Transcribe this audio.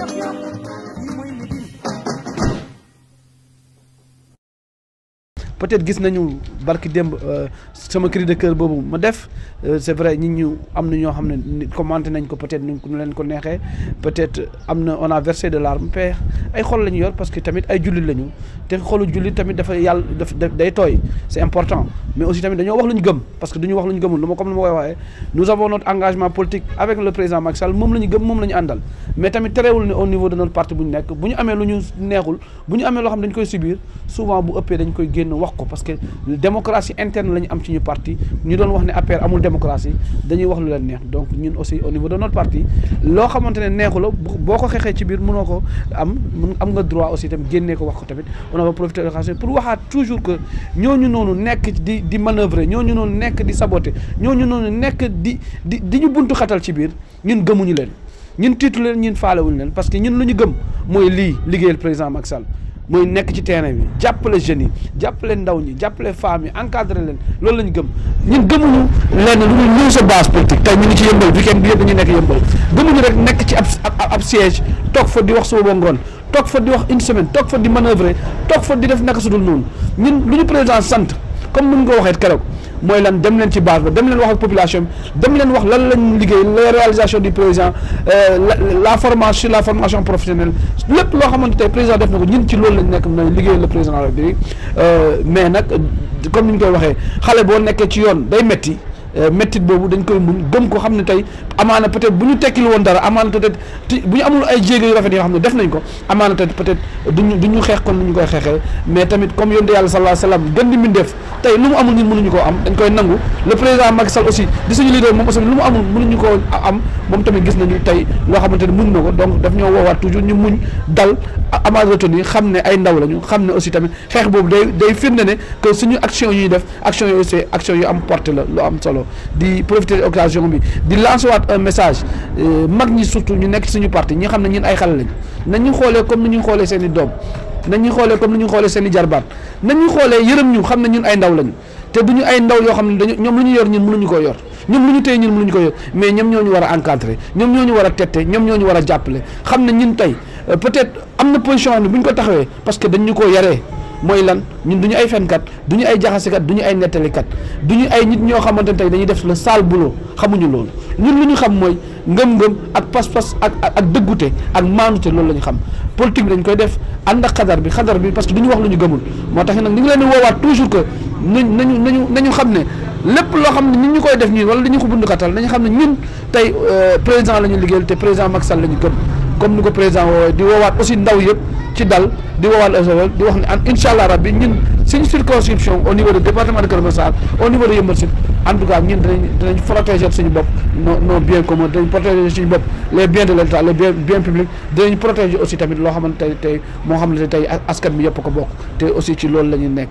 yëpp yëpp peut-être gis nañu barki démb euh, sama cri de cœur boobu ma def euh, c'est vrai nit ñu am na ñoo xam ne commenté nañ ko peut-être nu ñu leen ko neexee peut-être am na on a versé de larmes père ay xol la ñu yor parce que tamit ay jullit la ñu te xolu jullit tamit dafa yàlla daf day tooy c'est important mais aussi tamit dañoo wax lu ñu gëm parce que duñu wax lu ñu gëmul lu ma comme ni ma koy waxee nous avons notre engagement politique avec le président Macky moom la ko parce que démocratie interne la ñu am ci ñu parti ñu doon wax ne APR amul démocratie dañuy wax lu leen neex donc ñun aussi au niveau de notre parti loo xamante neexu la boo ko xeexee ci biir mënoo ko am mun am nga droit aussi tamit génnee ko wax ko tamit on va profiter de l'occasion pour waxaat toujours que ñooñu noonu nekk di di ñoo ñooñu noonu nekk di ñoo ñooñu noonu nekk di di di ñu buntu xatal ci biir ñun gëmuñu leen ñun tiitu leen ñun faalewuñu leen parce que ñun lu ñu gëm mooy lii liggéeyal président Macky Sall mooy nekk ci terrain bi jàppale jeunes yi jàppale ndaw ñi jàppale femmes yi encadré leen loolu la ñu gëm ñun gëmuñu lenn lu ñuy ñëw sa base politique tey ñu ngi ci yëmbal weekend bi yëpp dañuy nekk yëmbal gëmuñu rek nekk ci ab ab siège toog fa di wax suba ba ngoon toog fa di wax une semaine toog fa di manoeuvrer toog fa di def naka su dul noonu ñun lu ñu président sant comme mun ko waxee keroog mooy lan dem leen ci base ba leen wax ak population leen wax lan lañ liggéey les réalisations du président euh, la formation la formation professionnelle lépp loo xamante tey président def na ko ñun ci loolu lañ nekk mooy liggéey le président de la République euh, mais nag comme ni ñu koy waxee xale boo nekkee ci yoon day metti Euh, méttit boobu dañ koy muñ gëm ko xam ne tey amaana peut-être bu ñu tekkil woon dara amaana peut-être bu ñu amul ay jéego yu rafet yoo xam ne def nañ ko amaana tey peut-être du ñu xeex kon nu ñu koy xeexee mais tamit comme yonent yàlla sallallahu alayhi wasallam gën di mbindeef tey lu mu dañ koy nangu le président Macky Sall aussi di suñu leader moom aussi lu mu amul xamante ne muñ na ko donc daf ñoo woowaat toujours ñu muñ dal amaana retenu xam ne ay ndaw lañu xam ne aussi tamit xeex boobu day day firnde ne que suñu action yu ñuy def action yooyu aussi am portée la lu am solo solo di profiter occasion bi di lancer un message euh, mag ñi surtout ñu nekk suñu parti ñi xam ne ñun ay xale lañ nañu xoolee comme ni ñu xoolee seen i doom nañu xoolee comme ni ñu xoolee seen i jarbaat nañu xoolee yërëm ñu xam ne ñun ay ndaw lañu te du ñu ay ndaw yoo xam ne dañu ñoom lu ñu yor ñun mënuñu koo yor ñoom lu ñu tey ñun mënuñu ko yor mais ñoom ñoo ñu war a encadrer ñoom ñoo ñu war a tette ñoom ñoo ñu war a jàppale xam ne ñun tey euh, peut na ko taxawee parce que mooy lan ñun du ñu ay fenkat du ñu ay jaxasekat du ñu ay nettalikat du ñu ay nit ñoo xamante ne tey dañuy def la sale boulot xamuñu loolu ñun lu ñu xam mooy ngëm-ngëm ak pas-pas ak ak dëggute ak maanute loolu la ñu xam politique bi dañ koy def ànd ak xadar bi xadar bi parce que du ñu wax lu ñu gëmul moo tax nag ñu ngi leen di toujours que nañ nañu nañu nañu xam ne lépp loo xam ne nit ñu koy def ñun wala dañu ko bundukatal nañu xam ne ñun tey euh, président la ñu liggéeyal te président Macky Sall la ñu ko président di woowaat aussi ndaw yëpp ci dal di wowal wax ne an incha allah rabbi ñun suñu circonscription au niveau du département de Kër Massar au niveau de Yeumbeul Sud en tout protéger suñu bopp nos nos biens communs protéger suñu bopp les biens de l'État les biens biens publics protéger aussi tamit loo xamante tey tey moo xam ne tey askan bi yëpp ko bokk te aussi ci loolu la nekk.